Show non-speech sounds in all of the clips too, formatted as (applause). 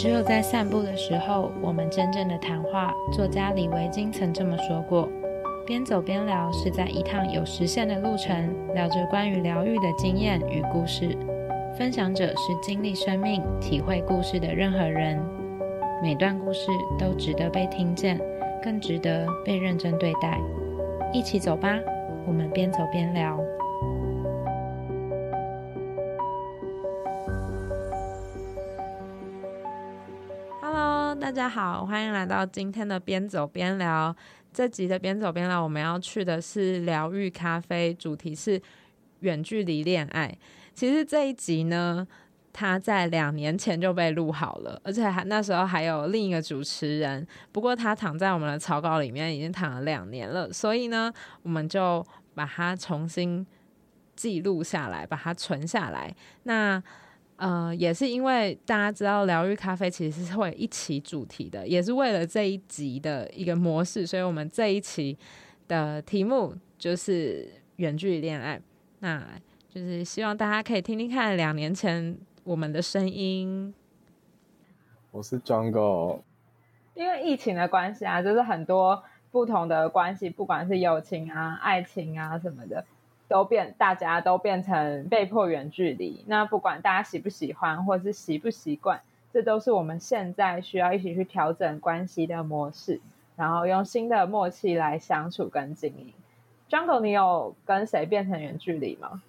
只有在散步的時候，我們真正的談話。作家李維京曾這麼說過：“邊走邊聊，是在一趟有時限的路程，聊着關於療癒的經驗與故事。分享者是經歷生命、體會故事的任何人。每段故事都值得被聽見，更值得被認真對待。一起走吧，我們邊走邊聊。”大家好，歡迎來到今天的邊走邊療。這集的邊走邊療，我們要去的是療癒咖啡，主題是遠距離戀愛。其實這一集呢，他在兩年前就被錄好了，而且還那時候還有另一個主持人。不過他躺在我們的草稿裡面，已經躺了兩年了，所以呢，我們就把它重新記錄下來，把它存下來。那呃，也是因為大家知道療癒咖啡其實是會一起主題的，也是為了這一集的一個模式，所以我們這一期的題目就是遠距離戀愛。那就是希望大家可以聽聽看兩年前我們的聲音。我是 Jungle，因為疫情的關係啊，就是很多不同的關係，不管是友情啊、愛情啊什麼的。都變，大家都變成被迫遠距離。那不管大家喜不喜歡，或是習不習慣，這都是我們現在需要一起去調整關係的模式，然後用新的默契來相處跟經營。Jungle，你有跟誰變成遠距離嗎？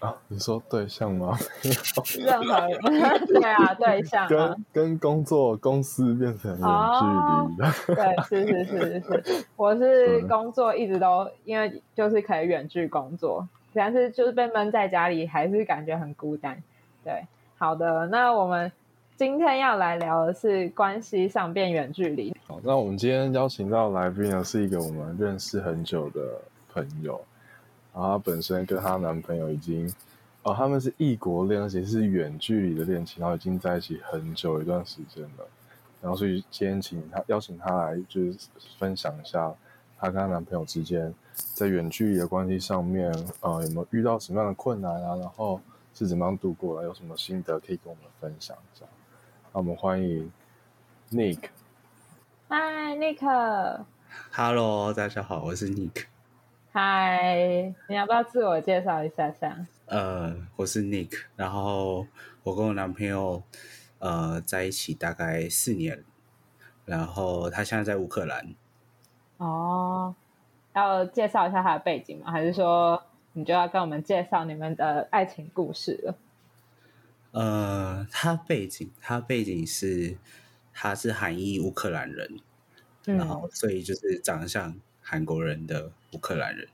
啊，你說對象嗎？ (laughs) 任何人 (laughs) 對啊，對象跟跟工作公司變成遠距離的、oh, (laughs) 對，是是是是是，我是工作一直都因為就是可以遠距工作，但是就是被悶在家裡，還是感覺很孤單。對，好的，那我們今天要來聊的是關係上變遠距離。好，那我們今天邀請到來賓呢，是一個我們認識很久的朋友。然後她本身跟她男朋友已經，哦、呃，他們是異國戀，而且是遠距離的戀情，然後已經在一起很久一段時間了，然後所以今天請她邀請她來，就是分享一下她跟她男朋友之間在遠距離的關係上面，呃，有沒有遇到什麼樣的困難啊？然後是怎麼樣度過了，有什麼心得可以跟我們分享一下？那我們歡迎 Nick。Hi，Nick。Hello，大家好，我是 Nick。嗨，Hi, 你要不要自我介紹一下？下？呃，我是 Nick，然後我跟我男朋友呃在一起大概四年，然後他現在在烏克蘭。哦，要介紹一下他的背景嗎？還是說你就要跟我們介紹你們的愛情故事了？呃，他背景，他背景是他是韓裔烏克蘭人，嗯，然後所以就是長得像韓國人的。烏克蘭人，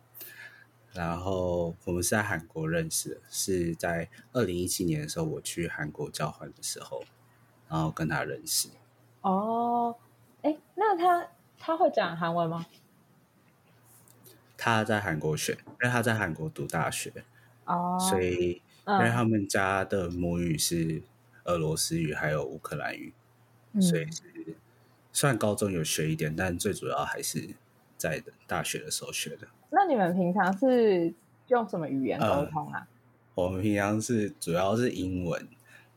然後我們是在韓國認識的，是在二零一七年的時候，我去韓國交換的時候，然後跟他認識。哦，誒，那他他會講韓文嗎？他在韓國學，因為他在韓國讀大學，哦，所以因為他們家的母語是俄羅斯語，還有烏克蘭語，嗯，所以是算高中有學一點，但最主要還是。在的大學的時候學的。那你們平常是用什麼語言溝通，通啊？嗯、我們平常是主要是英文，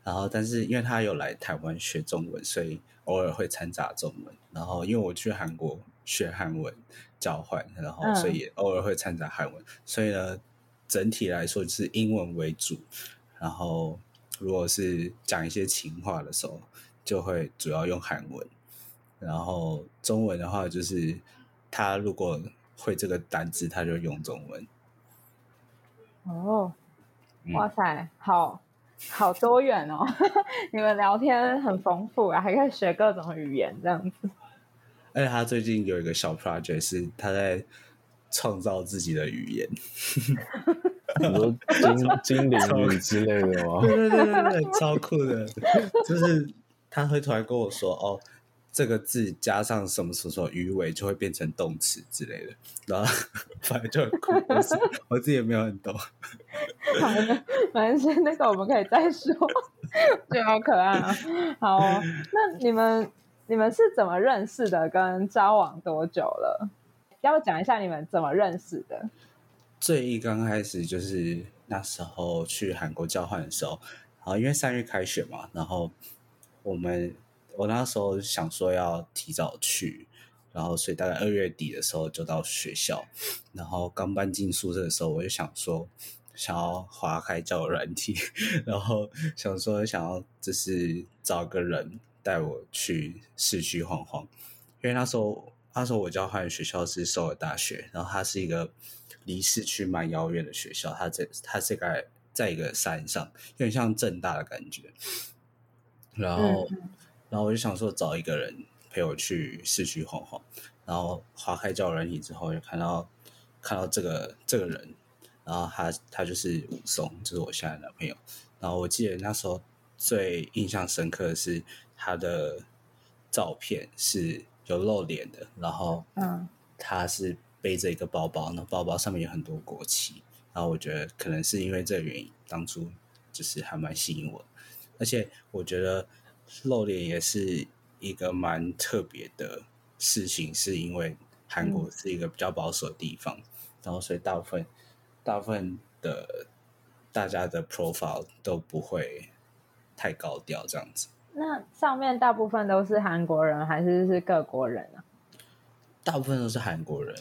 然後但是因為他有來台灣學中文，所以偶爾會摻雜中文。然後因為我去韓國學韓文交換，然後所以偶爾會摻雜韓文。嗯、所以呢，整體來說是英文為主。然後如果是講一些情話的時候，就會主要用韓文。然後中文的話就是。他如果會這個單詞，他就用中文。哦，哇塞，好好多元哦！ (laughs) 你們聊天很豐富啊，還可以學各種語言這樣子。而且他最近有一個小 project 是他在創造自己的語言，很 (laughs) 多精精靈語之類的哦。對對 (laughs) 對對對，超酷的！就是他會突然跟我說哦。這個字加上什麼什麼什麼魚尾，就會變成動詞之類的。然後反正就很酷，我自己也沒有很懂， (laughs) 好的，反正是那個我們可以再說，就 (laughs) 好可愛啊！好，哦，那你們你們是怎麼認識的？跟交往多久了？要講一下你們怎麼認識的？最一剛開始就是那時候去韓國交換的時候，然後因為三月開學嘛，然後我們。我那時候想說要提早去，然後所以大概二月底的時候就到學校，然後剛搬進宿舍的時候，我就想說想要滑開交友軟體，然後想說想要就是找個人帶我去市區晃晃，因為那時候那時候我交換學校是首爾大學，然後它是一個離市區蠻遙遠的學校，它在它是在在一個山上，有點像政大的感覺，然後。嗯然後我就想說找一個人陪我去市區晃晃，然後劃開交友軟體之後，就看到看到這個這個人，然後他他就是武松，就是我現在的男朋友。然後我記得那時候最印象深刻的是他的照片是有露臉的，然後嗯，他是背着一個包包，那包包上面有很多國旗。然後我覺得可能是因為這個原因，當初就是還蠻吸引我，而且我覺得。露臉也是一個蠻特別的事情，是因為韓國是一個比較保守的地方，嗯、然後所以大部分大部分的大家的 profile 都不會太高調這樣子。那上面大部分都是韓國人還是是各國人呢、啊？大部分都是韓國人。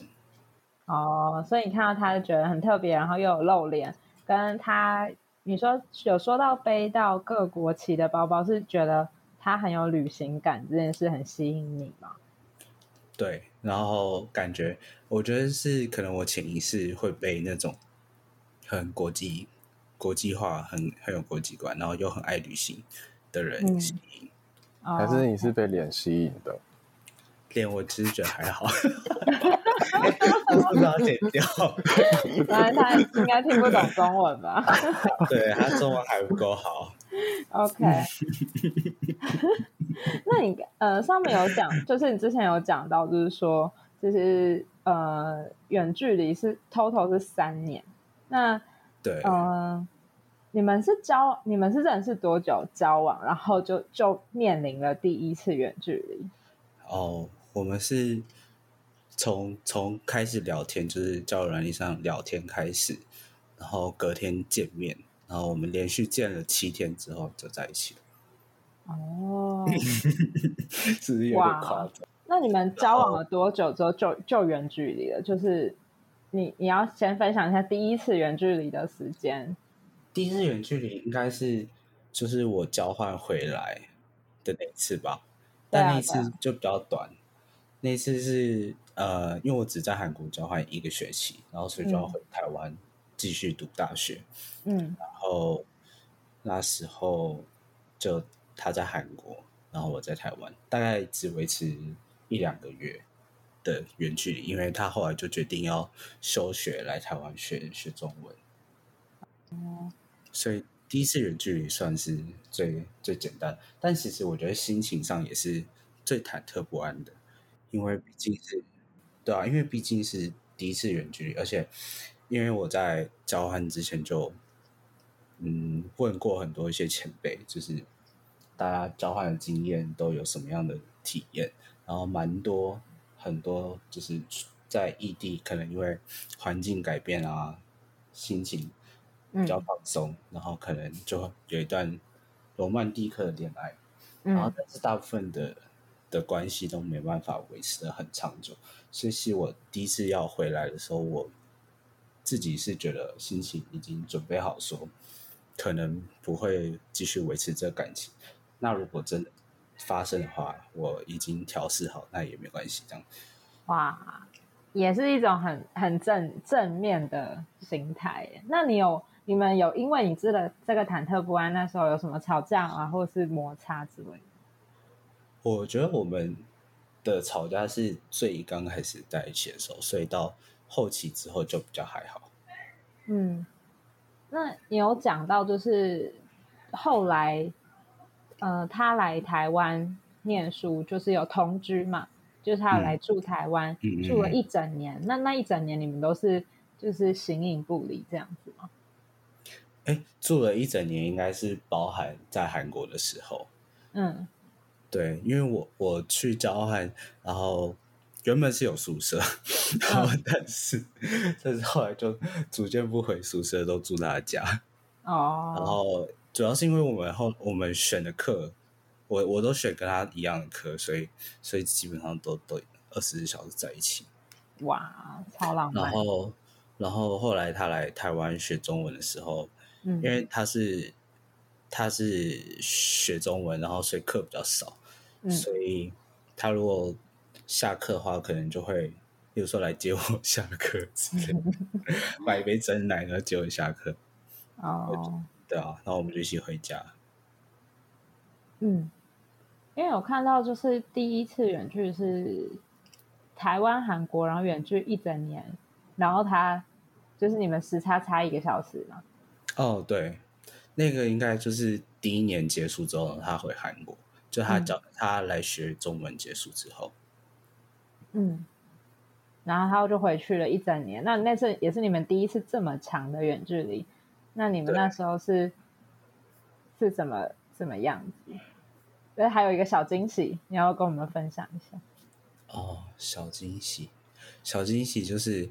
哦，所以你看到他就覺得很特別，然後又有露臉，跟他你說有說到背到各國旗的包包，是覺得。他很有旅行感，這件事很吸引你嗎？對，然後感覺我覺得是可能我潛意識會被那種很國際國際化、很很有國際觀，然後又很愛旅行的人吸引。嗯哦、還是你是被臉吸引的？臉我其實覺得還好，不知道剪掉。他應該聽不懂中文吧？ (laughs) 對，他中文還不夠好。 (laughs) OK， (laughs) 那你呃，上面有講，就是你之前有講到，就是說，就是呃，遠距離是 total 是三年，那對，嗯、呃，你們是交，你們是認識多久交往，然後就就面臨了第一次遠距離？哦，我們是從從開始聊天，就是交友軟件上聊天開始，然後隔天見面。啊，我們連續見了七天之後就在一起了。哦、oh. (laughs) 是有點誇張。哇！Wow. 那你們交往了多久之後就、oh. 就遠距離了？就是你你要先分享一下第一次遠距離的時間。第一次遠距離應該是就是我交換回來的那次吧，啊、但那次就比較短。啊、那次是呃，因為我只在韓國交換一個學期，然後所以就要回台灣。嗯繼續讀大學，嗯，然後那時候就他在韓國，然後我在台灣，大概只維持一兩個月的遠距離，因為他後來就決定要休學來台灣學學中文。嗯，所以第一次遠距離算是最最簡單，但其實我覺得心情上也是最忐忑不安的，因為畢竟是對啊，因為畢竟是第一次遠距離，而且。因為我在交換之前就，嗯，問過很多一些前輩，就是大家交換的經驗都有什麼樣的體驗，然後蠻多很多就是在異地，可能因為環境改變啊，心情比較放鬆，嗯、然後可能就有一段羅曼蒂克的戀愛，嗯、然後但是大部分的的關係都沒辦法維持得很長久，所以是我第一次要回來的時候，我。自己是覺得心情已經準備好說，說可能不會繼續維持這個感情。那如果真的發生的話，我已經調試好，那也沒關係。這樣哇，也是一種很很正、正面的心態。那你有你們有因為你知道這個忐忑不安，那時候有什麼吵架啊，或是摩擦之類的？我覺得我們的吵架是最剛開始在一起的時候，所以到。後期之後就比較還好。嗯，那你有講到就是後來，呃，他來台灣念書，就是有同居嘛，就是他來住台灣、嗯、住了一整年。嗯嗯嗯。那那一整年你們都是就是形影不離這樣子嗎？哎、欸，住了一整年應該是包含在韓國的時候。嗯，對，因為我我去交換，然後。原本是有宿舍，然後 (laughs) (laughs) 但是但是 (laughs) 後來就逐漸不回宿舍，都住他家哦。Oh. 然後主要是因為我們後我們選的課，我我都選跟他一樣的課，所以所以基本上都都二十四小時在一起。哇，wow, 超浪漫！然後然後後來他來台灣學中文的時候，mm hmm. 因為他是他是學中文，然後所以課比較少，mm hmm. 所以他如果。下課的話，可能就會有時候來接我下課 (laughs) 買一杯珍奶，然後接我下課。哦、oh，對啊，然後我們就一起回家。嗯，因為我看到就是第一次遠距是台灣韓國，然後遠距一整年，然後他就是你們時差差一個小時嘛。哦，對，那個應該就是第一年結束之後，他回韓國，就他找、嗯、他來學中文結束之後。嗯，然後他就回去了一整年。那那次也是你們第一次這麼長的遠距離。那你們那時候是對是什麼什麼樣子？對，還有一個小驚喜，你要跟我們分享一下。哦，小驚喜，小驚喜就是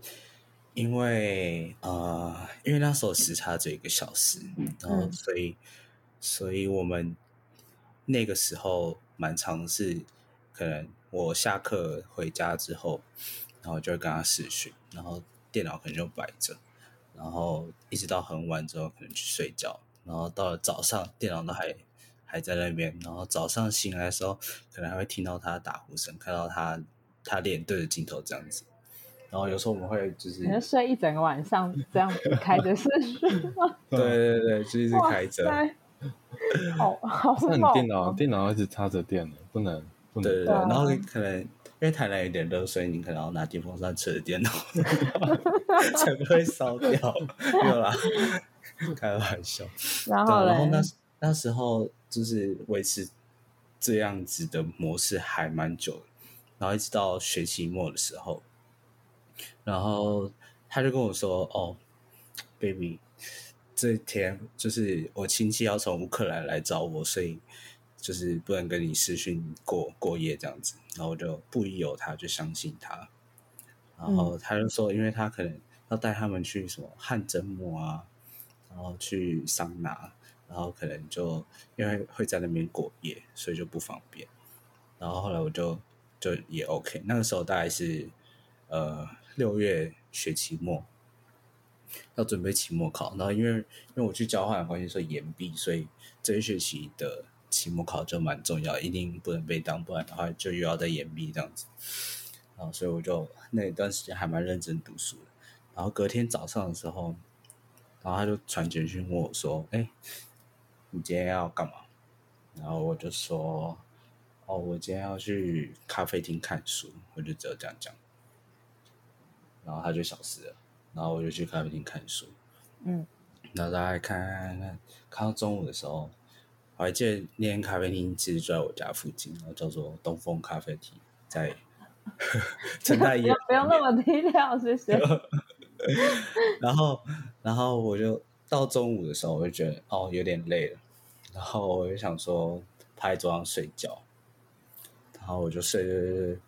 因為呃，因為那時候時差只有一個小時，嗯、然後所以所以我們那個時候蠻長是可能。我下課回家之後，然後就會跟他視訊，然後電腦可能就擺着，然後一直到很晚之後可能去睡覺，然後到了早上電腦都還還在那邊，然後早上醒來的時候可能還會聽到他打呼聲，看到他他臉對着鏡頭這樣子，然後有時候我們會就是睡一整個晚上這樣子開着視訊。 (laughs) 對對對，就是開着。哦塞， (laughs) 好。那你電腦電腦一直插着電不能。對對對，嗯、然後可能、啊、因為台南有點熱，所以你可能要拿電風扇吹電腦，才不 (laughs) 會燒掉。 (laughs) 沒有啦，開玩笑。然後、啊然後那，那時候就是維持這樣子的模式還蠻久的，然後一直到學期末的時候，然後他就跟我說：“哦，baby，這天就是我親戚要從烏克蘭來找我，所以。”就是不能跟你私訊過過夜這樣子，然後我就不疑有他，就相信他。然後他就說，因為他可能要帶他們去什麼汗蒸幕啊，然後去桑拿，然後可能就因為會在那邊過夜，所以就不方便。然後後來我就就也 OK。那個時候大概是呃六月學期末，要準備期末考。然後因為因為我去交換的關係，所以延畢，所以這一學期的。期末考就蠻重要，一定不能被當，不然的話就又要再延畢這樣子。然後，所以我就那一段時間還蠻認真讀書的。然後隔天早上的時候，然後他就傳簡訊問我說：“哎、欸，你今天要幹嘛？”然後我就說：“哦，我今天要去咖啡廳看書。”我就只有這樣講。然後他就消失了。然後我就去咖啡廳看書。嗯。然後看看，看到中午的時候。我還記得那間咖啡廳其實就在我家附近，然後叫做東風咖啡廳，在陳大爺，不用那麼低調，謝謝。 (laughs) (laughs) 然後，然後我就到中午的時候，我就覺得，哦，有點累了，然後我就想說趴在桌上睡覺，然後我就睡就睡睡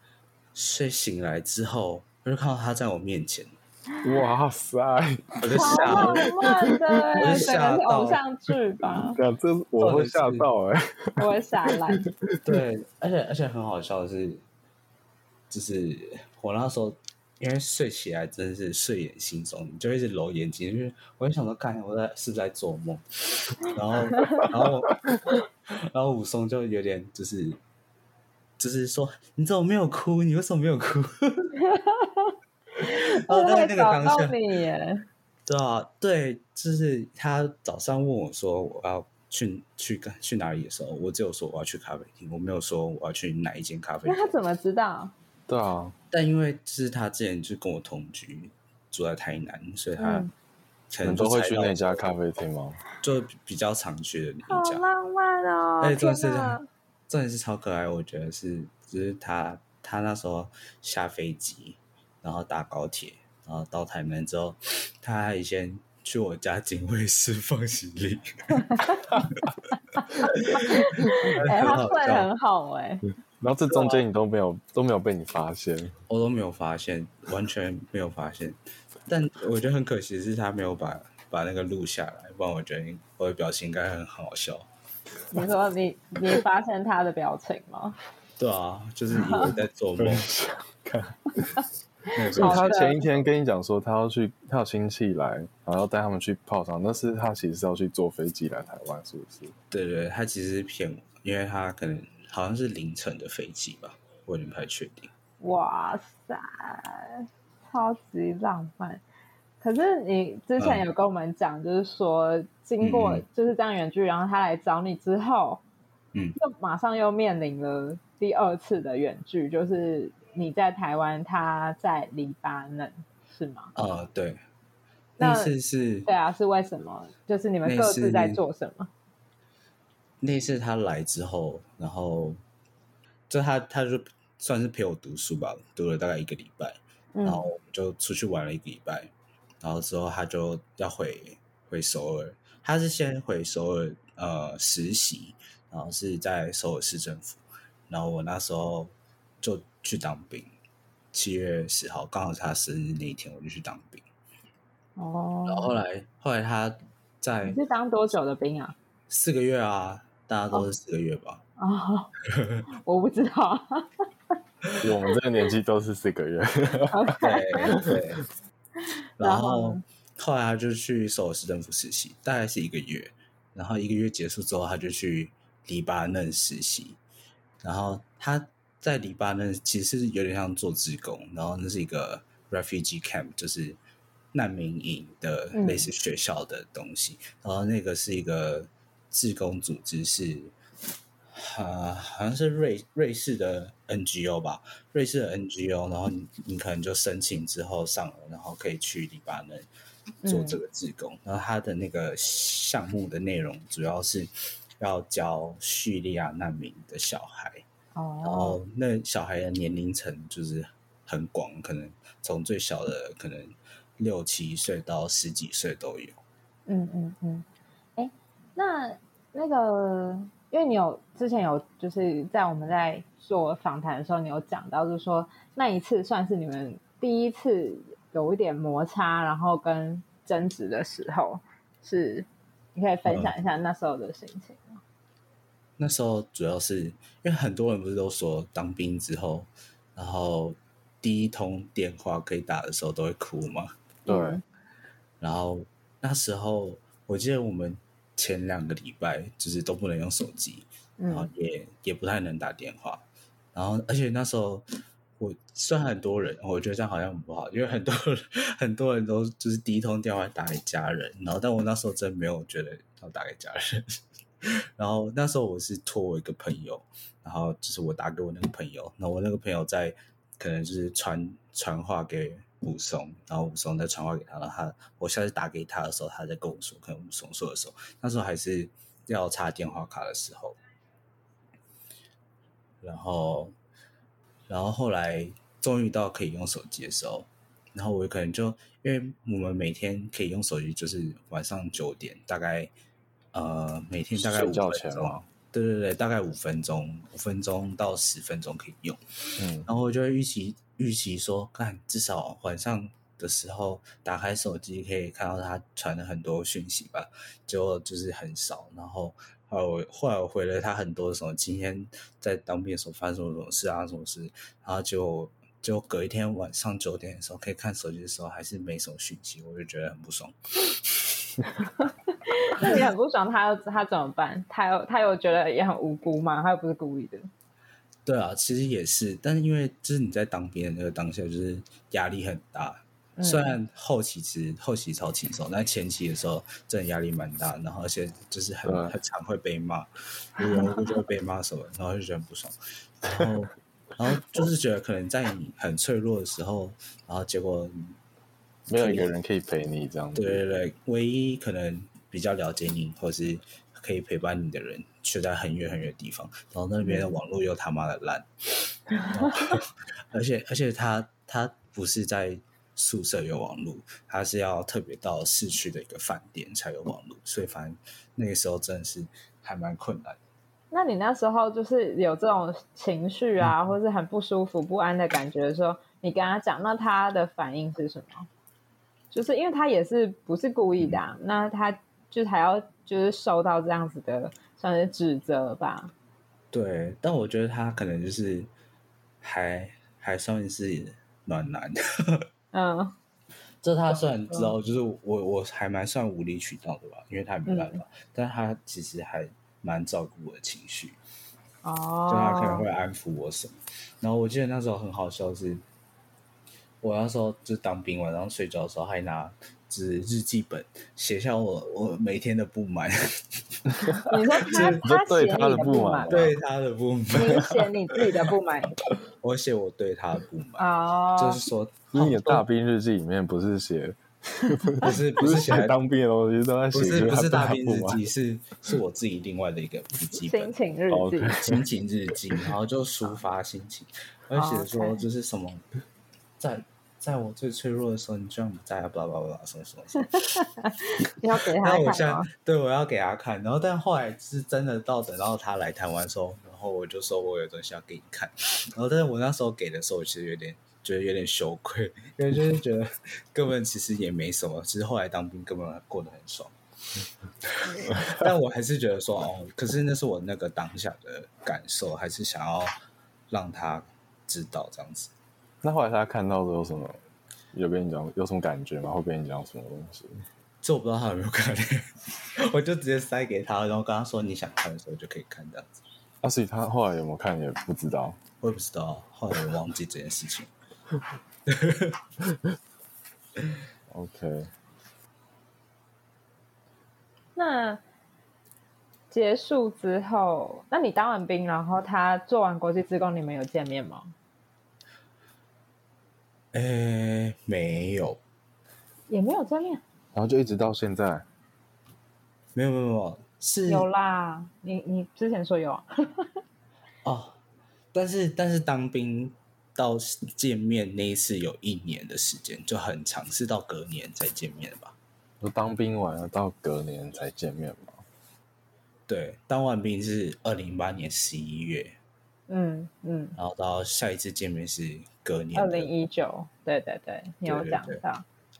睡，醒來之後我就看到他在我面前。哇塞！我就好慢的，了我就嚇到 (laughs) 整個偶像劇吧？對，這我會嚇到哎，我會嚇到、欸。我對，而且而且很好笑的是，就是我那時候因為睡起來真是睡眼惺忪，你就一直揉眼睛，因、就、為、是、我就想說，看我在是不是在做夢？然後，然後， (laughs) 然後武松就有點就是就是說，你怎麼沒有哭？你為什麼沒有哭？ (laughs) (laughs) 我會找到你，對啊，對，就是他早上問我說我要去去、去哪裡的時候，我只有說我要去咖啡廳，我沒有說我要去哪一間咖啡廳。那他怎麼知道？對啊，但因為就是他之前就跟我同居，住在台南，所以他、嗯、就才很多會去那家咖啡廳嗎？就比較常去的那一家。好浪漫哦，哎，真的是，天啊、真的是超可愛。我覺得是，只是他他那時候下飛機。然後搭高鐵，然後到台南之後，他還先去我家警衛室放行李。哎，他突然很好哎、欸。然後這中間你都沒有、啊、都沒有被你發現？我都沒有發現，完全沒有發現。但我覺得很可惜是，他沒有把把那個錄下來，不然我覺得我的表情應該很好笑。你說你你發現他的表情嗎？ (laughs) 對啊，就是以為在做夢 (laughs) 想。看。 (laughs) 所以他前一天跟你講說，他要去，他有親戚來，然後要帶他們去泡湯。但是他其實是要去坐飛機來台灣，是不是？對，對對，他其實是騙我，因為他可能好像是凌晨的飛機吧，我也不太確定。哇塞，超級浪漫！可是你之前有跟我們講，就是說、嗯、經過就是這樣遠距，然後他來找你之後，嗯，就馬上又面臨了第二次的遠距，就是。你在台灣，他在黎巴嫩，是嗎？啊、呃，對。那，那次是，對啊，是為什麼？就是你們各自在做什麼？那次，那次他來之後，然後就他他就算是陪我讀書吧，讀了大概一個禮拜，嗯、然後就出去玩了一個禮拜，然後之後他就要回回首爾，他是先回首爾呃實習，然後是在首爾市政府，然後我那時候。就去當兵，七月十號，剛好是他生日那一天，我就去當兵。哦，oh. 然後後來，後來他在，你是當多久的兵啊？四個月啊，大家都是四個月吧？Oh. Oh. 我不知道， (laughs) (laughs) 我們這個年紀都是四個月。對 (laughs) Okay. 對。對 (laughs) 然後 (laughs) 後來他就去首爾市政府實習，大概是一個月。然後一個月結束之後，他就去黎巴嫩實習。然後他。在黎巴嫩其實是有點像做志工，然後那是一個 refugee camp，就是難民營的類似學校的東西。嗯、然後那個是一個志工組織是，是呃好像是瑞瑞士的 NGO 吧，瑞士的 NGO。然後你 (laughs) 你可能就申請之後上了，然後可以去黎巴嫩做這個志工。嗯、然後他的那個項目的內容主要是要教敘利亞難民的小孩。哦，那小孩的年齡層就是很廣，可能從最小的可能六七歲到十幾歲都有。嗯嗯嗯，哎、嗯嗯，那那個，因為你有之前有就是在我們在做訪談的時候，你有講到，就是說那一次算是你們第一次有一點摩擦，然後跟爭執的時候是，是你可以分享一下那時候的心情。嗯那時候主要是因為很多人不是都說當兵之後，然後第一通電話可以打的時候都會哭嘛。對 Alright.、嗯。然後那時候我記得我們前兩個禮拜就是都不能用手機，嗯、然後也也不太能打電話。然後而且那時候我雖然很多人，我覺得這樣好像很不好，因為很多很多人都就是第一通電話打給家人。然後但我那時候真沒有覺得要打給家人。然後那時候我是托我一個朋友，然後就是我打給我那個朋友，那我那個朋友在可能就是傳傳話給武松，然後武松再傳話給他，然後他我下次打給他的時候，他在跟我說，可能武松說的時候，那時候還是要插電話卡的時候，然後然後後來終於到可以用手機的時候，然後我可能就因為我們每天可以用手機，就是晚上九點大概。呃，每天大概五分鐘，了，對對對，大概五分鐘，五分鐘到十分鐘可以用。嗯，然後我就預期預期說，看至少晚上的時候打開手機可以看到他傳了很多訊息吧，結果就是很少。然後後來我來回了他很多的時候，今天在當兵的時候發生什麼什麼事啊，什麼事，然後就就隔一天晚上九點的時候可以看手機的時候，還是沒什麼訊息，我就覺得很不爽。 (laughs) 那你 (laughs) 很不爽他又，他他怎麼辦？他又他又覺得也很無辜嗎？他又不是故意的。對啊，其實也是，但是因為就是你在當兵的那個當下，就是壓力很大。嗯、雖然後期其實後期超輕鬆，但前期的時候真的壓力蠻大。然後而且就是很、嗯、很常會被罵，無緣無故就會被罵什麼， (laughs) 然後就覺得很不爽。然後然後就是覺得可能在你很脆弱的時候，然後結果沒有一個人可以陪你這樣子。對對對，唯一可能。比較了解你，或是可以陪伴你的人，就在很遠很遠的地方。然後那邊的網絡又他媽的爛、 (laughs) 哦，而且而且他他不是在宿舍有網絡，他是要特別到市區的一個飯店才有網絡。所以反正那個時候真的是還蠻困難的。那你那時候就是有這種情緒啊，或是很不舒服、不安的感覺的時候，你跟他講，那他的反應是什麼？就是因為他也是不是故意的、啊，嗯、那他。就還要就是受到這樣子的像是指責吧。對，但我覺得他可能就是還還算是暖男。 (laughs) 嗯，就他雖然知道，嗯、就是我我還蠻算無理取鬧的吧，因為他沒辦法，嗯、但他其實還蠻照顧我的情緒。哦。就他可能會安撫我什麼，然後我記得那時候很好笑是，我那時候就當兵，晚上睡覺的時候還拿。指日記本寫下我我每天的不滿，你是對他的不滿？對他的不滿，寫你自己的不滿。我寫我對他的不滿，哦，就是說因為你的大兵日記裡面不是寫，不是不是寫當兵哦，我覺得不是不是大兵日記，是是我自己另外的一個日記本，心情日記，心情日記，然後就抒發心情，而且說就是什麼在。在我最脆弱的時候，你居然不在啊 bl、ah！巴拉巴拉，什麼什麼？要給他看、哦、 (laughs) 對，我要給他看。然後，但後來是真的到等到他來台灣時候，然後我就說我有東西要給你看。然後，但是我那時候給的時候，其實有點覺得有點羞愧，因為就是覺得根本其實也沒什麼。其實後來當兵根本過得很爽， (laughs) 但我還是覺得說，哦，可是那是我那個當下的感受，還是想要讓他知道這樣子。那後來他看到都有什麼？有跟你講有什麼感覺嗎？會跟你講什麼東西？這我不知道他有沒有看，我就直接塞給他，然後跟他說，你想看的時候就可以看這樣子。阿、啊、所以他後來有沒有看也不知道，我也不知道，後來我忘記這件事情。OK。那結束之後，那你當完兵，然後他做完國際志工，你們有見面嗎？哎、欸，沒有，也沒有見面，然後、啊、就一直到現在，沒有沒有沒有，是有啦，你你之前說有啊， (laughs) 哦，但是但是當兵到見面那一次有一年的時間，就很長，是到隔年再見面吧？就當兵完了到隔年才見面嗎？對，當完兵是二零零八年十一月，嗯嗯，嗯然後到下一次見面是。隔年，二零一九，對對對，你有講到。對對對，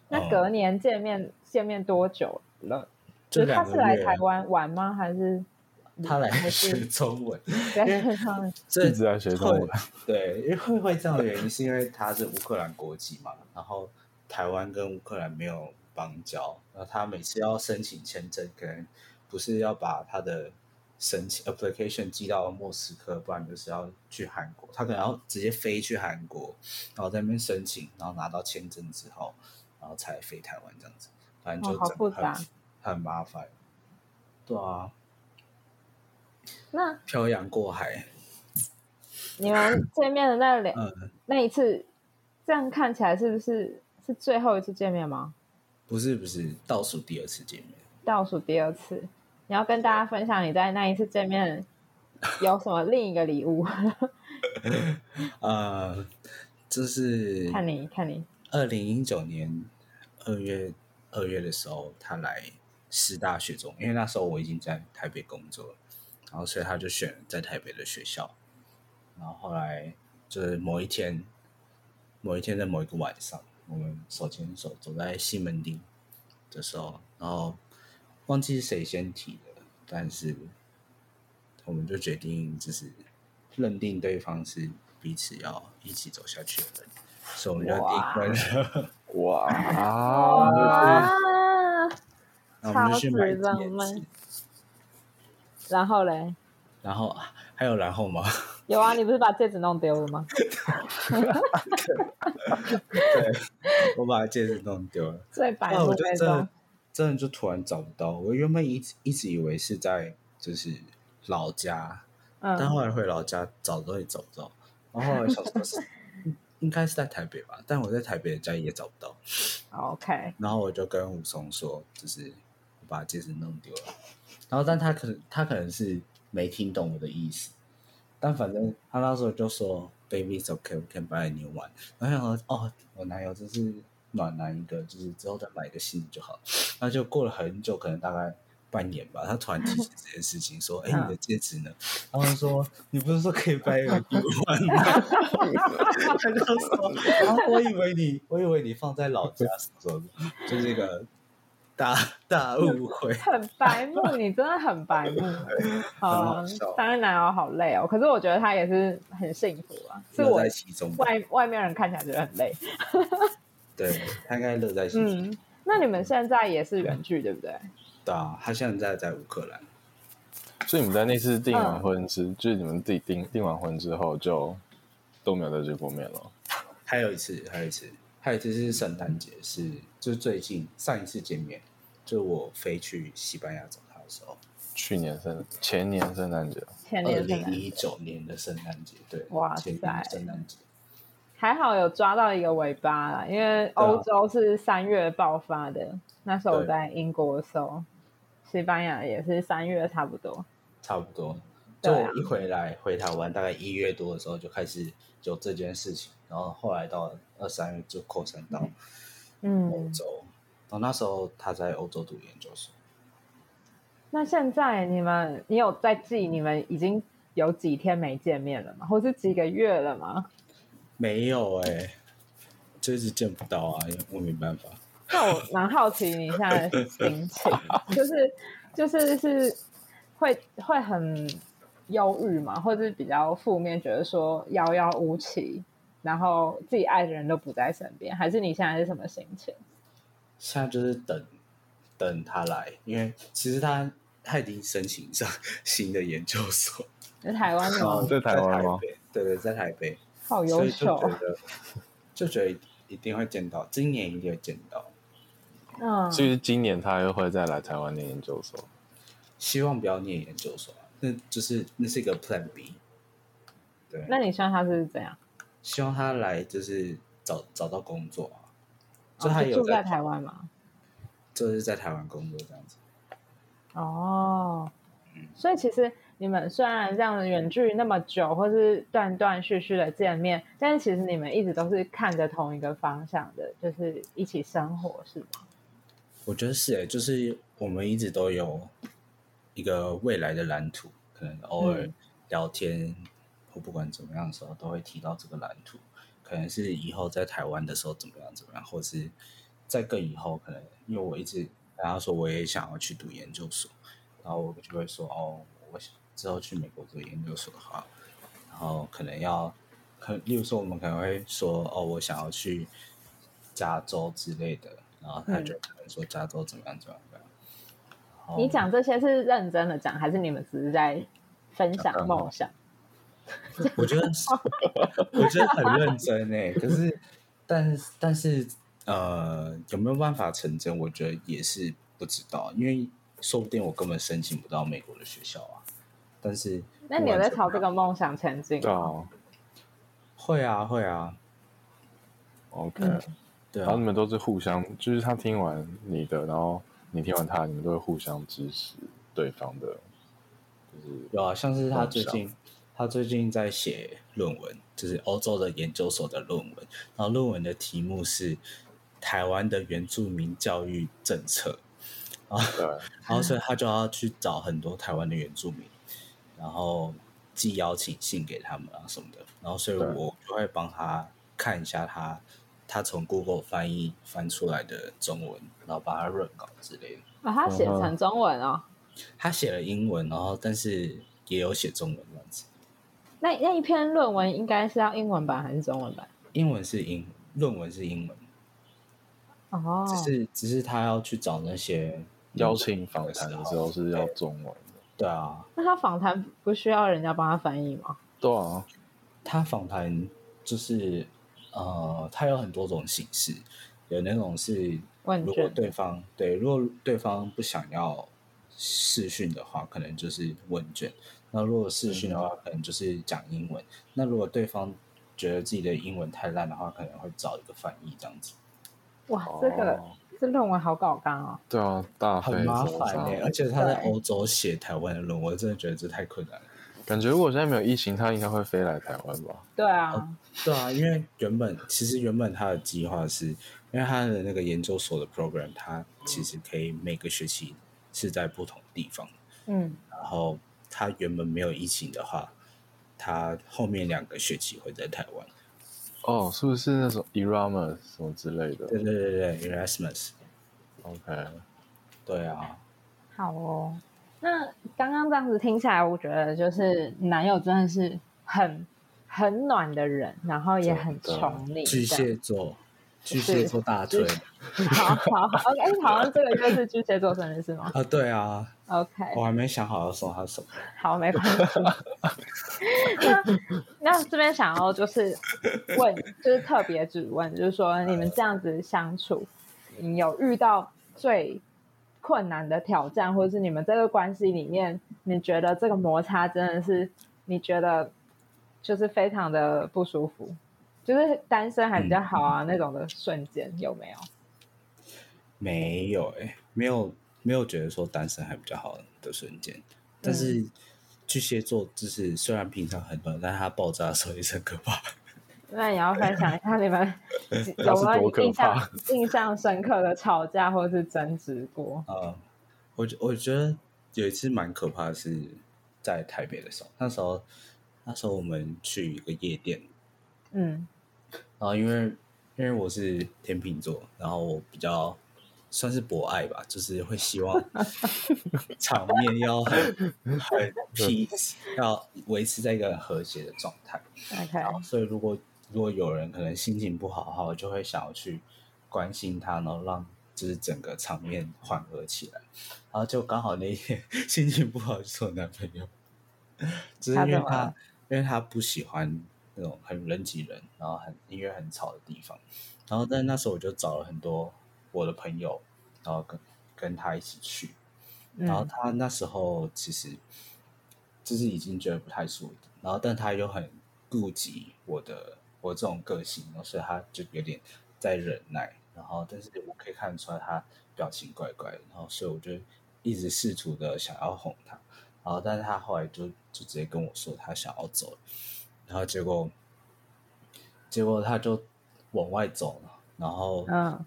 那隔年見面，嗯、見面多久了？就他是來台灣玩嗎？還是他來學中文？因為一直來學中文。對，因為會，會這樣的原因，是因為他是烏克蘭國籍嘛， (laughs) 然後台灣跟烏克蘭沒有邦交，那他每次要申請簽證，可能不是要把他的。申請 application 寄到莫斯科，不然就是要去韓國。他可能要直接飛去韓國，然後在那邊申請，然後拿到簽證之後，然後才飛台灣這樣子。反正就、哦、好很複雜，很麻煩。對啊。那漂洋過海，你們見面的那兩 (laughs) 那一次，嗯、這樣看起來是不是是最後一次見面嗎？不是，不是，不是倒數第二次見面。倒數第二次。你要跟大家分享，你在那一次見面有什麼另一個禮物？ (laughs) (laughs) 呃，就是看你，看你。二零一九年二月二月的時候，他來師大附中，因為那時候我已經在台北工作了，然後所以他就選在台北的學校。然後後來就是某一天，某一天的某一個晚上，我們手牽手走在西門町的時候，然後。忘記是誰先提的，但是我們就決定就是認定對方是彼此要一起走下去的人，所以我們要訂婚了。哇！那 (laughs) 哇我們就去買戒指哇然後嘞？然後，然後還有然後嗎？有啊，你不是把戒指弄丟了嗎？ (laughs) 對，我把戒指弄丟了。最白的戒指。真的就突然找不到，我原本一一直以為是在就是老家，嗯、但後來回老家找都會找不到，然後後來想說是， (laughs) 應該是在台北吧，但我在台北的家也找不到。OK，然後我就跟武松說，就是我把戒指弄丟了，然後但他可能他可能是沒聽懂我的意思，但反正他那時候就說，Baby，it's okay, we can buy a new one。然後我哦，我男友就是。暖男一個，就是之後再買一個新的就好。那就過了很久，可能大概半年吧，他突然提起這件事情，說：“哎、欸，你的戒指呢？”然後、啊、說：“你不是說可以掰一個一萬嗎？”然後 (laughs) (laughs) 說：“然、啊、後我以為你，我以為你放在老家，說，就是一個大大誤會。 (laughs) ”很白目，你真的很白目。 (laughs) 好了，好當然，男友好累哦。可是我覺得他也是很幸福啊，是在其中。外外面人看起來覺得很累。 (laughs) 對他應該樂在其中。中、嗯。那你們現在也是遠距，嗯、對，對不對？對啊，他現在在烏克蘭，所以你們在那次訂完婚之，嗯、就是你們自己訂訂完婚之後，就都沒有再見過面了。還有一次，還有一次，還有一次是聖誕節，是就是最近上一次見面，就是我飛去西班牙找他的時候，去年聖，前年聖誕節，前年二零一九年的聖誕節，對，哇塞，聖誕節。還好有抓到一個尾巴啦，因為歐洲是三月爆發的，啊、那時候我在英國的時候，對西班牙也是三月差不多，差不多。就一回來回台灣，啊、大概一月多的時候就開始有這件事情，然後後來到二三月就擴散到嗯歐洲。Okay. 嗯、然後那時候他在歐洲讀研究所。那現在你們，你有在記你們已經有幾天沒見面了嗎？或是幾個月了嗎？嗯沒有哎、欸，就是見不到啊，我沒辦法。那我蠻好奇你現在的心情， (laughs) 就是就是是會會很憂鬱嘛，或者是比較負面，覺得說遙遙無期，然後自己愛的人都不在身邊，還是你現在是什麼心情？現在就是等等他來，因為其實他他已經申請上新的研究所。在台灣嗎？在台北嗎？對對，在台北。好優秀，就覺得，就覺得一定會見到，今年一定會見到。嗯，所以今年他又會再來台灣念研究所，希望不要念研究所，那就是那是一個 Plan B。對，那你希望他是怎樣？希望他來就是找找到工作，就、哦、他有在，住在台灣嗎？就是在台灣工作這樣子。哦，所以其實。你們雖然這樣遠距那麼久，或是斷斷續續的見面，但其實你們一直都是看着同一個方向的，就是一起生活，是嗎？我覺得是誒、欸，就是我們一直都有一個未來的藍圖，可能偶爾聊天、嗯、我不管怎麼樣的時候，都會提到這個藍圖，可能是以後在台灣的時候怎麼樣怎麼樣，或是再更以後，可能因為我一直然後說我也想要去讀研究所，然後我就會說哦，我想。之後去美國做研究所的話，然後可能要，可，例如說我們可能會說，哦，我想要去加州之類的，然後他就可能說加州怎麼樣怎麼樣。嗯、然後，你講這些是認真的講，還是你們只是在分享夢想？想我覺得，我覺得很認真誒、欸。 (laughs) 可是，但但是呃，有沒有辦法成真？我覺得也是不知道，因為說不定我根本申請不到美國的學校啊。但是，那你們在朝這個夢想前進、啊、對啊，會啊，會啊。OK，對、嗯。然後你們都是互相，就是他聽完你的，然後你聽完他，你們都會互相支持對方的。對、就是。有啊，像是他最近，論文。他最近在寫論文，就是歐洲的研究所的論文，然後論文的題目是台灣的原住民教育政策，然後，對 (laughs) 然後所以他就要去找很多台灣的原住民。然後寄邀請信給他們啊什麼的，然後所以我就會幫他看一下他對他從 Google 翻譯翻出來的中文，然後把他潤稿之類的。把、哦、他寫成中文哦、嗯。他寫了英文，然後但是也有寫中文這樣子。那那一篇論文應該是要英文版還是中文版？英文是英、論文是英文。哦。只是只是他要去找那些邀請訪談的時候對是要中文。對啊，那他訪談不需要人家幫他翻譯嗎？對啊，他訪談就是呃，他有很多種形式，有那種是如果對方問卷，對，如果對方不想要視訊的話，可能就是問卷；那如果視訊的話，嗯嗯可能就是講英文。那如果對方覺得自己的英文太爛的話，可能會找一個翻譯這樣子。哇，這個。哦這論文好搞綱哦，對啊，大很麻煩的，欸，而且他在歐洲寫台灣的論文，對我真的覺得這太困難了。感覺如果現在沒有疫情，他應該會飛來台灣吧？對啊，哦，對啊，因為原本 (laughs) 其實原本他的計劃是因為他的那個研究所的 program，他其實可以每個學期是在不同地方。嗯，然後他原本沒有疫情的話，他後面兩個學期會在台灣。哦，oh, 是不是那種 Erasmus 什麼之類的？對對對對，Erasmus。Er、OK。對啊。好哦，那剛剛這樣子聽下來，我覺得就是男友真的是很很暖的人，然後也很寵你。的樣巨蟹座，巨蟹座大腿。好好，OK，好、， (laughs) 欸、好像這個就是巨蟹座生日是嗎？啊，對啊。OK，我還沒想好要說他什麼。好，沒關係 (laughs) (laughs) 那那這邊想要就是問，就是特別只問，就是說你們這樣子相處，你有遇到最困難的挑戰，或者是你們這個關係裡面，你覺得這個摩擦真的是你覺得就是非常的不舒服，就是單身還比較好啊、嗯嗯、那種的瞬間有沒有？沒有哎、欸，沒有。沒有覺得說單身還比較好的瞬間，但是巨蟹座就是雖然平常很悶，但是他爆炸的時候也很可怕。嗯、那你要分享一下你們有沒有印象印象深刻的吵架或者是爭執過？啊、嗯，我我我覺得有一次蠻可怕的，是在台北的時候，那時候那時候我們去一個夜店，嗯，然後因為因為我是天秤座，然後我比較。算是博愛吧，就是會希望 (laughs) 場面要很 peace，要維持在一個和諧的狀態。OK，然後所以如果如果有人可能心情不好的話，我就會想要去關心他，然後讓就是整個場面緩和起來。然後就剛好那一天心情不好，就是男朋友，只、就是因為他，他因為他不喜歡那種很人擠人，然後很音樂很吵的地方。然後但那時候我就找了很多。我的朋友，然後跟跟他一起去，嗯、然後他那時候其實就是已經覺得不太舒服，然後但他又很顧及我的我這種個性，然後所以他就有點在忍耐，然後但是我可以看出來他表情怪怪的，然後所以我就一直試圖的想要哄他，然後但是他後來就就直接跟我說他想要走，然後結果，結果他就往外走了，然後嗯、哦。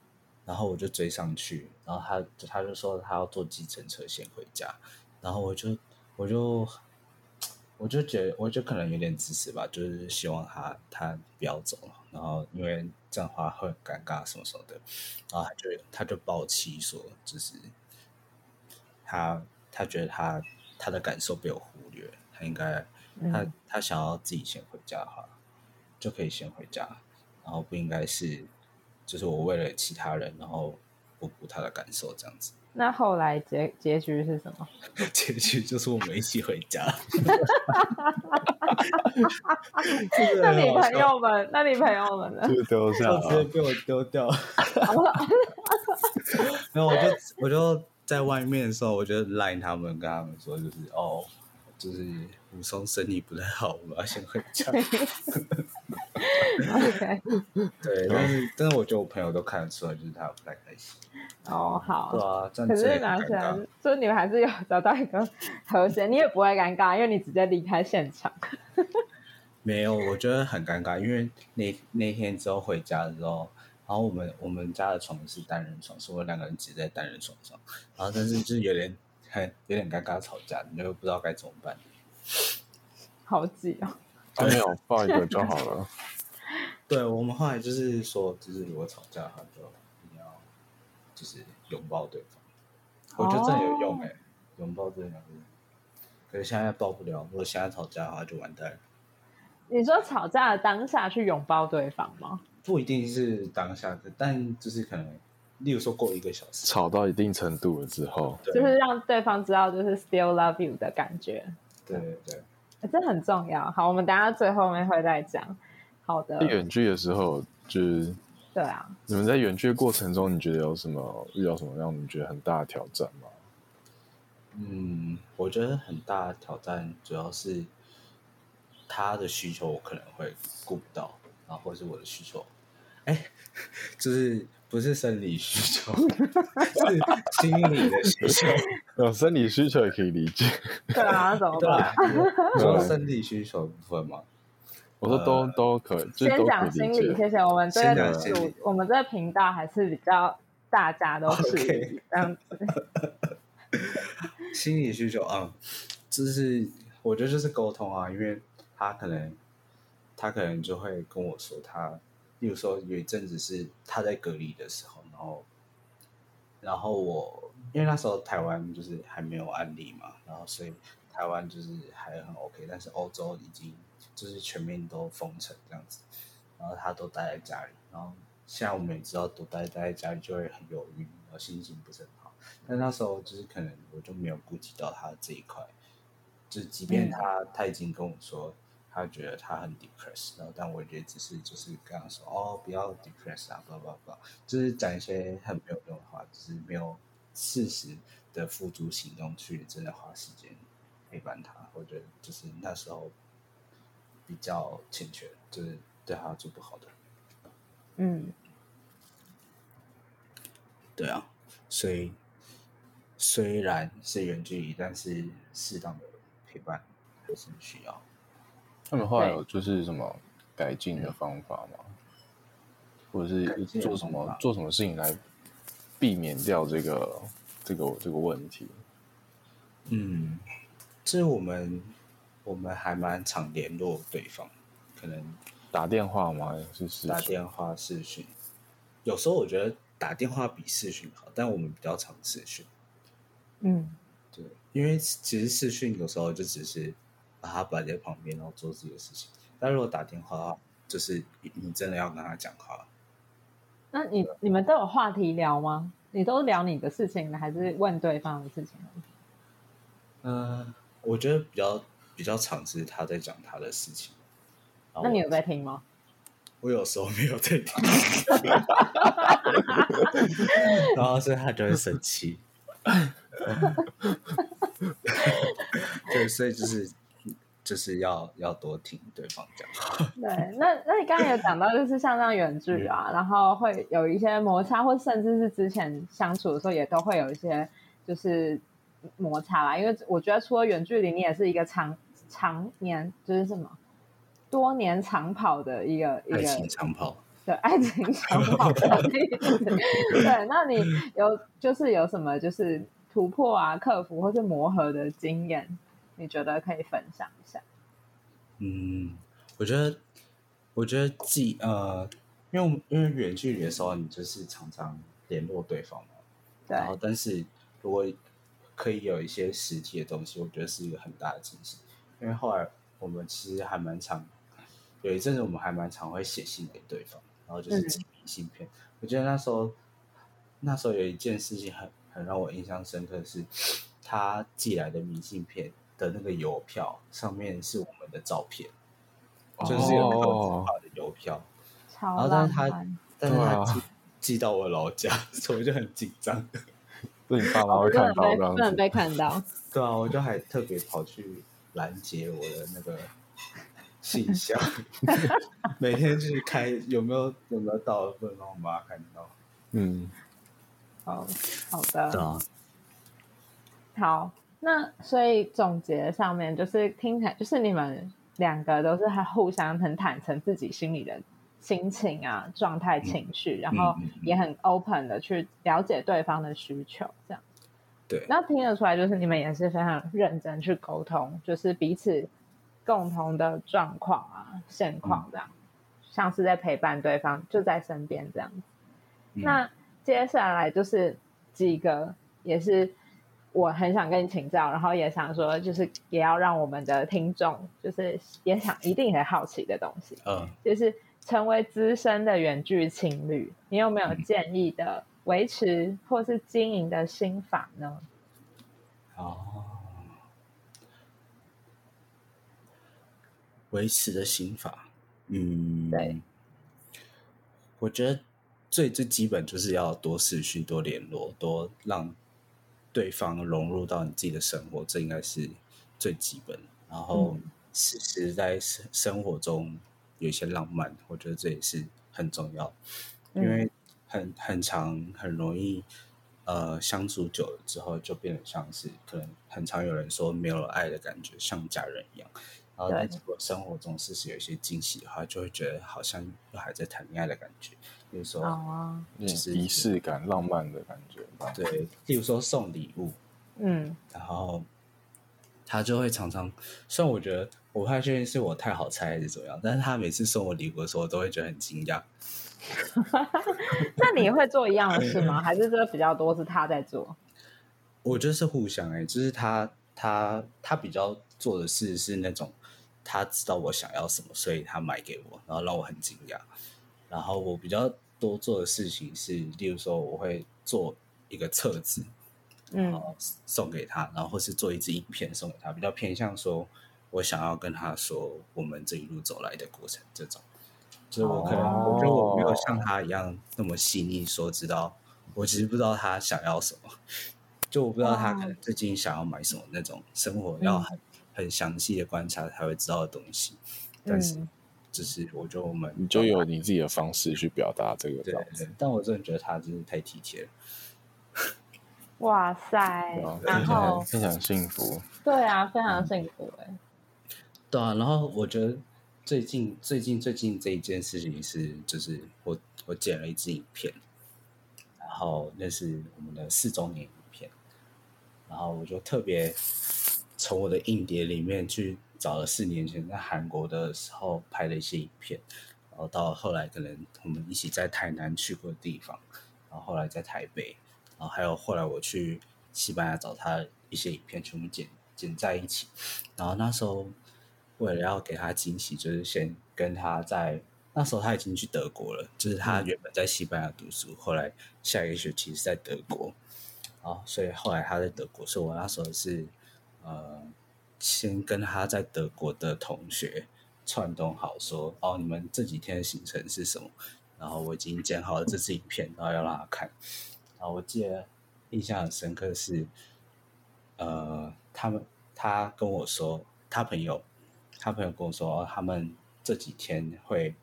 然後我就追上去，然後他他就說他要坐計程車先回家，然後我就我就我就覺得，我就可能有點自私吧，就是希望他他不要走，然後因為這樣的話會很尷尬什麼什麼的，然後他就他就抱氣說，就是他他覺得他他的感受被我忽略，他應該他他想要自己先回家的話，嗯、就可以先回家，然後不應該是。就是我為了其他人，然後不顧他的感受，這樣子。那後來結結局是什麼？結局就是我們一起回家。那你朋友們，那你朋友們呢？就丟下了，就直接被我丟掉了。沒有，我就我就在外面的時候，我就 line 他們，跟他們說就是哦，就是。武松身體不太好，我們要先回家。對，但是但是我覺得我朋友都看得出來，就是他不太開心。哦，oh, 好。對啊，這樣子可是男生，就是你們還是有找到一個和諧，你也不會尷尬，因為你直接離開現場。 (laughs) 沒有，我覺得很尷尬，因為那那天之後回家的時候，然後我們我們家的床是單人床，所以我兩個人擠在單人床上，然後但是就是有點有點尷尬吵架，你又不知道該怎麼辦。好擠哦！沒有，抱一個就好了。 (laughs) 對，我們後來就是說，就是如果吵架的話，他就就是擁抱對方。我覺得這有用誒、欸，擁、oh. 抱真的，可是現在抱不了，如果現在吵架的話，就完蛋了。你說吵架的當下去擁抱對方嗎？不一定是當下的，但就是可能，例如說過一個小時，吵到一定程度了之後，就對是，是讓對方知道，就是 still love you 的感覺。對對真的、欸、很重要。好，我們等下最後面會再講。好的，在遠距的時候就是對啊，你們在遠距的過程中，你覺得有什麼遇到什麼讓你覺得很大的挑戰嗎？嗯，我覺得很大的挑戰主要是他的需求我可能會顧不到、啊，或者是我的需求，哎、欸，就是。不是生理需求，是心理的需求。有 (laughs) 生理需求也可以理解。對啊，怎麼辦？我，啊就是，說生理需求部分嘛， (laughs) 我說都都可。都可以。就先講心理，謝謝我們，我們這個主，我們這頻道還是比較大家都是這樣子。Okay. (laughs) 心理需求啊，就，嗯、是我覺得就是溝通啊，因為他可能他可能就會跟我說他。例如說有一陣子是他在隔離的時候，然後，然後我因為那時候台灣就是還沒有案例嘛，然後所以台灣就是還很 OK，但是歐洲已經就是全面都封城這樣子，然後他都待在家裡，然後現在我們也知道都待待在家裡就會很憂鬱，然後心情不是很好，但那時候就是可能我就沒有顧及到他這一塊，就即便他、嗯、他已經跟我說。他覺得他很 depressed，然後但我也只是就是跟他說哦，不要 depressed 啊，不不不，就是講一些很沒有用的話，就是沒有事實的付諸行動去真的花時間陪伴他。我覺得就是那時候比較欠缺，就是對他做不好的。嗯，對啊，所以雖然是遠距離，但是適當的陪伴還是需要。他們後來有就是什麼改進的方法嗎？法或者是做什麼做什麼事情來避免掉這個這個這個問題？嗯，這、就是，我們我們還蠻常聯絡對方，可能打電話嘛，是訊打電話視訊。有時候我覺得打電話比視訊好，但我們比較常視訊。嗯，對，因為其實視訊有時候就只是。他擺在旁邊，然後做自己的事情。但如果打電話，就是你真的要跟他講話。那你你們都有話題聊嗎？你都聊你的事情，還是問對方的事情？嗯、呃，我覺得比較比較常是他在講他的事情。那你有在聽嗎？我有時候沒有在聽。 (laughs) (laughs) 然後所以他就會生氣。 (laughs) 對，所以就是。就是要要多聽對方講話。對，那那你剛才有講到，就是像這樣遠距離啊，嗯、然後會有一些摩擦，或甚至是之前相處的時候也都會有一些就是摩擦啦。因為我覺得除了遠距離，你也是一個長，長年就是什麼多年長跑的一個一個長跑，對愛情長跑的。 (laughs) 對，那你有就是有什麼就是突破啊、克服或是磨合的經驗？你覺得可以分享一下？嗯，我覺得，我覺得寄呃，因為我們因為遠距離的時候，你就是常常聯絡對方嘛。對。然後，但是如果可以有一些實體的東西，我覺得是一個很大的驚喜。因為後來我們其實還蠻常有一陣子，我們還蠻常會寫信給對方，然後就是寄明信片。嗯。我覺得那時候，那時候有一件事情很很讓我印象深刻是，是他寄來的明信片。的那個郵票上面是我們的照片，就是有那幅好的郵票。然後，但是他，但是它寄，寄到我老家，所以我就很緊張，你爸媽會看到，不能被看到。對啊，我就還特別跑去攔截我的那個信箱，每天去開，有沒有，有沒有到，不能讓我媽看到。嗯，好好的，對啊，好。那所以總結上面就是聽起來就是你們兩個都是互相很坦誠自己心裡的心情啊狀態情緒，然後也很 open 的去了解對方的需求，這樣。對。那聽得出來就是你們也是非常認真去溝通，就是彼此共同的狀況啊、現況這樣，嗯、像是在陪伴對方就在身邊這樣。嗯、那接下來就是幾個也是。我很想跟你請教，然後也想說，就是也要讓我們的聽眾，就是也想一定很好奇的東西，嗯、呃，就是成為資深的遠距情侶，你有沒有建議的維持或是經營的心法呢？哦，維持的心法，嗯，對，我覺得最最基本就是要多資訊、多聯絡、多讓。對方融入到你自己的生活，這應該是最基本的。然後，事、嗯、實在生生活中有一些浪漫，我覺得這也是很重要，嗯、因為很很常很容易，呃，相處久了之後就變得像是可能很常有人說沒有了愛的感覺，像家人一樣。然後，在生活生活中事實有一些驚喜的話，就會覺得好像又還在談戀愛的感覺。有時候，有點儀式感、浪漫的感覺吧。對，例如說送禮物，嗯，然後他就會常常。雖然我覺得我不太確定是我太好猜還是怎麼樣，但是他每次送我禮物的時候，我都會覺得很驚訝。那你會做一樣的事嗎？還是說比較多是他在做？ (laughs) 我覺得是互相哎、欸，就是他他他，他比較做的事是那種他知道我想要什麼，所以他買給我，然後讓我很驚訝。然後我比較多做的事情是，例如說我會做一個冊子，然後送給他，然後或是做一支影片送給他，比較偏向說，我想要跟他說我們這一路走來的過程這種。就我可能我覺得我沒有像他一樣那麼細膩說，說知道我其實不知道他想要什麼，就我不知道他可能最近想要買什麼那種生活要很很詳細的觀察才會知道的東西，但是。就是，我就我們，你就有你自己的方式去表達這個，對，對對。但我真的覺得他真的太體貼了， (laughs) 哇塞！啊、然後非常，非常幸福，對啊，非常幸福，欸嗯、對啊，然後我覺得最近最近最近這一件事情是，就是我我剪了一支影片，然後那是我們的四周年影片，然後我就特別從我的硬碟裡面去。找了四年前在韓國的時候拍的一些影片，然後到後來可能我們一起在台南去過的地方，然後後來在台北，然後還有後來我去西班牙找他一些影片，全部剪剪在一起。然後那時候為了要給他驚喜，就是先跟他在那時候他已經去德國了，就是他原本在西班牙讀書，後來下一個學期是在德國，然後所以後來他在德國，所以我那時候是呃。先跟他在德國的同學串通好說，說哦，你們這幾天的行程是什麼？然後我已經剪好了這支影片，然後要讓他看。然後我記得印象很深刻的是，呃，他們他跟我說，他朋友，他朋友跟我說，哦，他們這幾天會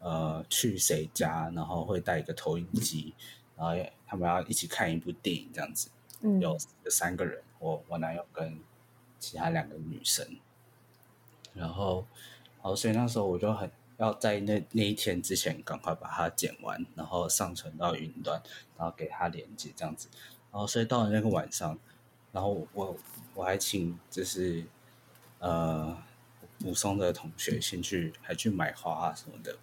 呃去誰家，然後會帶一個投影機，然後他們要一起看一部電影，這樣子。有，嗯，有三個人，我我男友跟。其他兩個女生，然後，然後、哦，所以那時候我就很要在那那一天之前趕快把它剪完，然後上傳到雲端，然後給它連接這樣子，然後、哦，所以到了那個晚上，然後我我，我還請就是呃武松的同學先去，還去買花、啊、什麼的，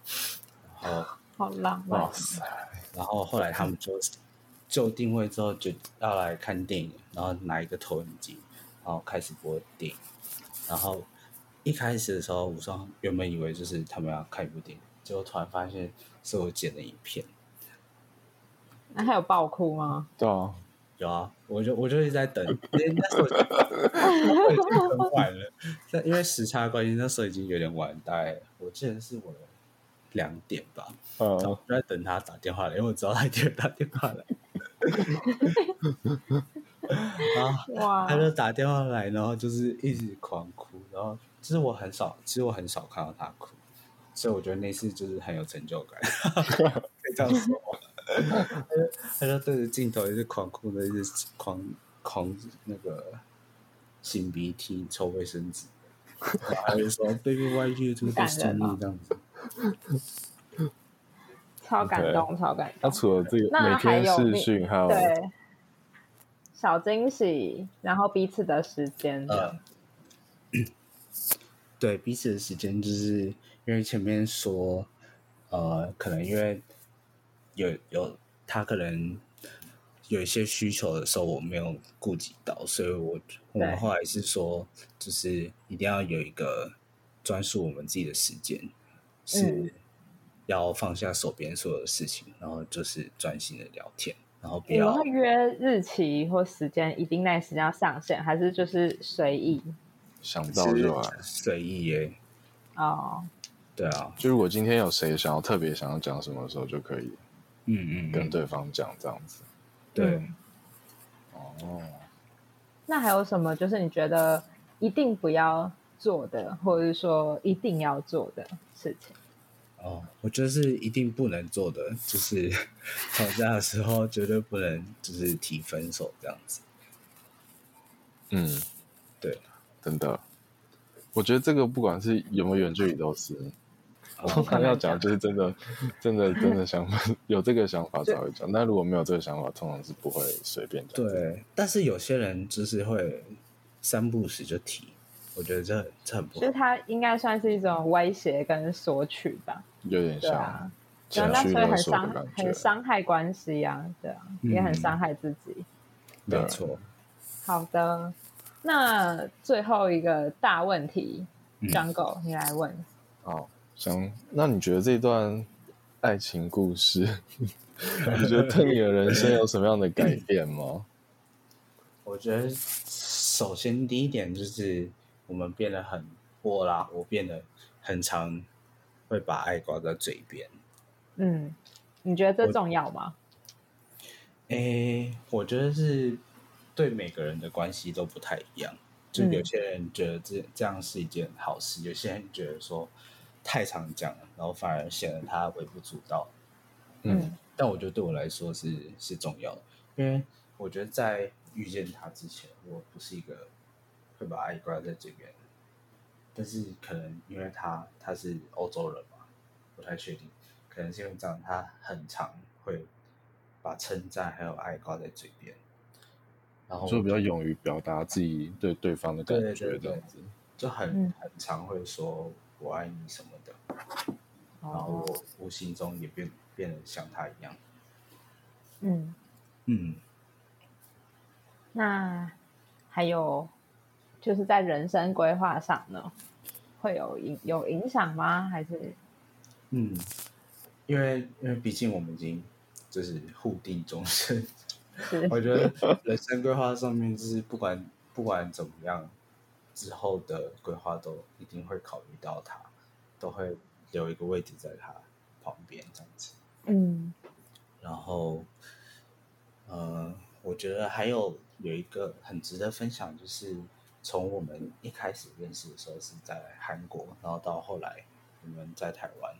然後好浪漫，哦塞，然後後來他們就就定位之後就要來看電影，然後拿一個投影機。然後開始播電影然後一開始的時候，武松原本以為就是他們要看一部電影，結果突然發現是我剪了影片。那還有爆哭嗎？對啊，有啊，我就我就一直在等，因為那時, (laughs) 為時差的關係，那時候已經有點晚，大概我記得是我的兩點吧， (laughs) 然後我就在等他打電話來，因為我知道他一定會打電話來。 (laughs) 然後哇他就打電話來，然後就是一直狂哭，然後其實我很少，其實我很少看到他哭，所以我覺得那次就是很有成就感，可以這樣說，嗯 (laughs) 他。他就對着鏡頭一直狂哭，的一直狂狂，狂那個擤鼻涕，抽衛生紙，嗯、然後就說 “Baby, why you do this to me？” 這樣子，超感動，Okay 超感動。他除了這個，每天視訊還有。小驚喜，然後彼此的時間。呃嗯、對，彼此的時間，就是因為前面說，呃，可能因為有有他可能有一些需求的時候，我沒有顧及到，所以我對我們後來是說，就是一定要有一個專屬我們自己的時間，是要放下手邊所有的事情，嗯、然後就是專心的聊天。然後你比如約日期或時間，一定那時間要上線，還是就是隨意？想到就來，隨意耶。哦，oh. 對啊，就如果今天有誰想要特別想要講什麼的時候，就可以，嗯嗯，跟對方講這樣子。嗯嗯嗯對，哦。Oh. 那還有什麼？就是你覺得一定不要做的，或者是說一定要做的事情？哦，我得是一定不能做的，就是吵架的時候絕對不能就是提分手這樣子。嗯，對，真的。我覺得這個不管是有沒有遠距離都是，通、哦、常要講就是真的， (laughs) 真的真的，真的想法有這個想法才會講，對那如果沒有這個想法，通常是不會隨便講。對，但是有些人就是會三不五時就提。我覺得這不很就是他應該算是一種威脅跟索取吧，有點像，啊、索那，所以很傷很傷害關係呀、啊，對對、啊，嗯、也很傷害自己，沒錯錯。好的，那最後一個大問題，張狗、嗯，Django, 你來問。好，行。那你覺得這段愛情故事，嗯、 (laughs) 你覺得對你的人生有什麼樣的改變嗎？嗯、我覺得，首先第一點就是。我們變得很薄了，我變得很常，會把愛掛在嘴邊。嗯，你覺得這重要嗎？誒、欸，我覺得是對每個人的關係都不太一樣。就有些人覺得這、嗯、這樣是一件好事，有些人覺得說太常講了，然後反而顯得他微不足道。嗯，嗯但我覺得對我來說是是重要的，因為我覺得在遇見他之前，我不是一個。會把愛掛在嘴邊，但是可能因為他他是歐洲人嘛，不太確定。可能是因為這樣，他很常會把稱讚還有愛掛在嘴邊，然後就比較勇於表達自己對對方的感覺的，這樣子就很很常會說“我愛你”什麼的。嗯、然後我無形中也變變得像他一樣。嗯嗯，嗯那還有。就是在人生規劃上呢，會有影有影響嗎？還是，嗯，因為因為畢竟我們已經就是互定終身，是 (laughs) 我覺得人生規劃上面就是不管 (laughs) 不管怎麼樣之後的規劃都一定會考慮到他，都會留一個位置在他旁邊這樣子。嗯，然後，呃，我覺得還有有一個很值得分享就是。從我們一開始認識的時候是在韓國，然後到後來我們在台灣，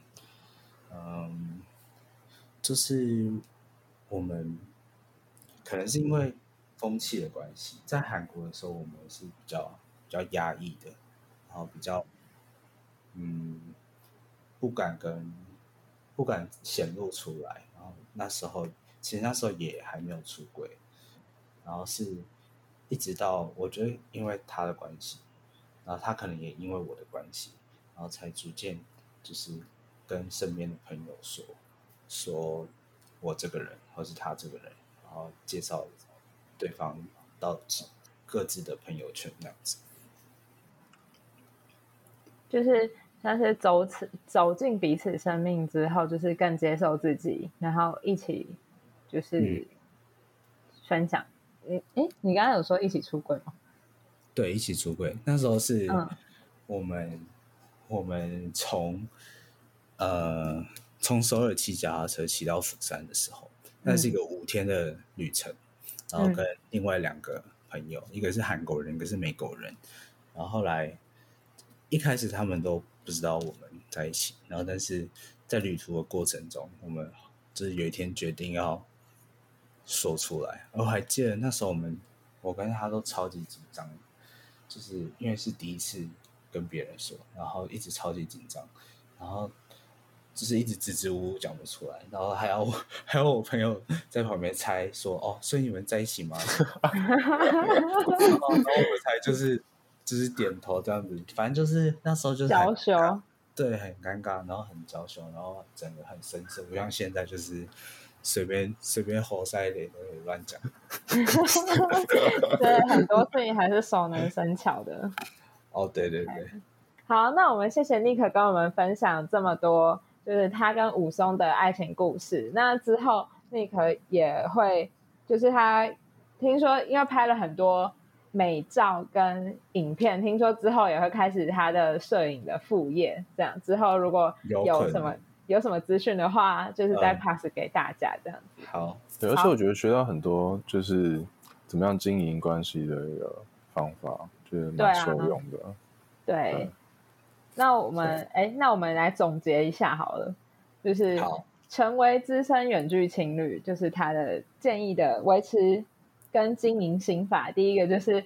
嗯，就是我們可能是因為風氣的關係，在韓國的時候我們是比較比較壓抑的，然後比較嗯不敢跟不敢顯露出來，然後那時候其實那時候也還沒有出櫃，然後是。一直到我覺得，因為他的關係，然後他可能也因為我的關係，然後才逐漸就是跟身邊的朋友說說我這個人，或是他這個人，然後介紹對方到各自的朋友圈，那樣子。就是，那些走此走進彼此生命之後，就是更接受自己，然後一起就是分享。嗯哎、欸，你剛剛有說一起出櫃嗎？對，一起出櫃。那時候是我們，哦、我們從呃從首爾騎腳踏車騎到釜山的時候，那是一個五天的旅程，嗯、然後跟另外兩個朋友，嗯、一個是韓國人，一個是美國人。然後後來一開始他們都不知道我們在一起，然後但是在旅途的過程中，我們就是有一天決定要。說出來，我還記得那時候我們，我跟他都超級緊張，就是因為是第一次跟別人說，然後一直超級緊張，然後就是一直支支吾吾講不出來，然後還要我還有我朋友在旁邊猜說哦，所以你們在一起嗎？然後我猜就是就是點頭這樣子，反正就是那時候就是嬌羞，對，很尷尬，然後很嬌羞，然後整個很生澀，不像現在就是。隨便隨便胡塞一點，亂講。 (laughs) 對，很多事情還是熟能生巧的。哦，對對對。Okay. 好，那我們謝謝尼克跟我們分享這麼多，就是他跟武松的愛情故事。那之後，尼克也會，就是他聽說，因為拍了很多美照跟影片，聽說之後也會開始他的攝影的副業。這樣之後，如果有什麼。有什麼資訊的話，就是再 pass 給大家這樣子。好，有時候我覺得學到很多，就是怎麼樣經營關係的一個方法，覺得好蠻受用的對、啊。對，嗯、那我們哎以，那我們來總結一下好了，就是成為資深遠距情侶，就是他的建議的維持跟經營心法。第一個就是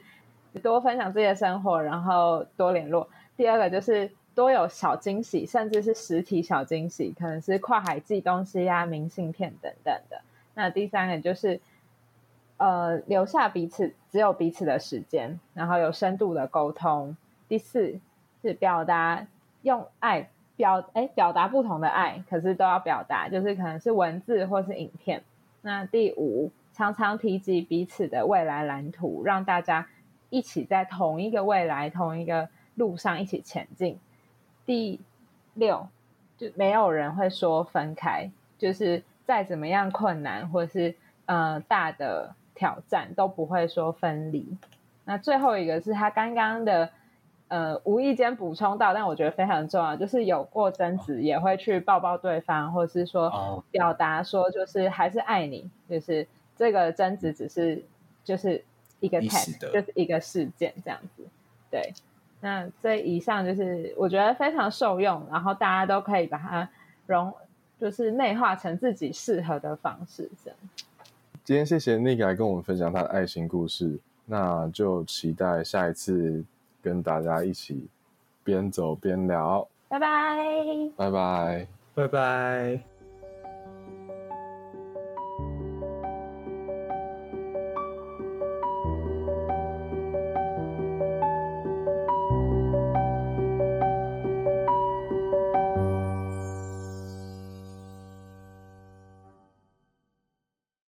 多分享自己的生活，然後多聯絡。第二個就是，都有小驚喜，甚至是實體小驚喜，可能是跨海寄東西呀、啊、明信片等等的。那第三個就是，呃，留下彼此只有彼此的時間，然後有深度的溝通。第四是表達用愛表，哎，表達不同的愛，可是都要表達，就是可能是文字或是影片。那第五，常常提及彼此的未來藍圖，讓大家一起在同一個未來、同一個路上一起前進。第六，就沒有人會說分開，就是再怎麼樣困難或是呃大的挑戰都不會說分離。那最後一個是他剛剛的呃無意間補充到，但我覺得非常重要，就是有過爭執也會去抱抱對方，oh. 或者是說、oh. 表達說就是還是愛你，就是這個爭執只是、嗯、就是一個 test，就是一個事件這樣子，對。那這以、以上就是我覺得非常受用，然後大家都可以把它融，就是內化成自己適合的方式。這樣，今天謝謝 Nick 來跟我們分享他的愛情故事，那就期待下一次跟大家一起邊走邊療，拜拜 bye，拜拜 bye，拜拜。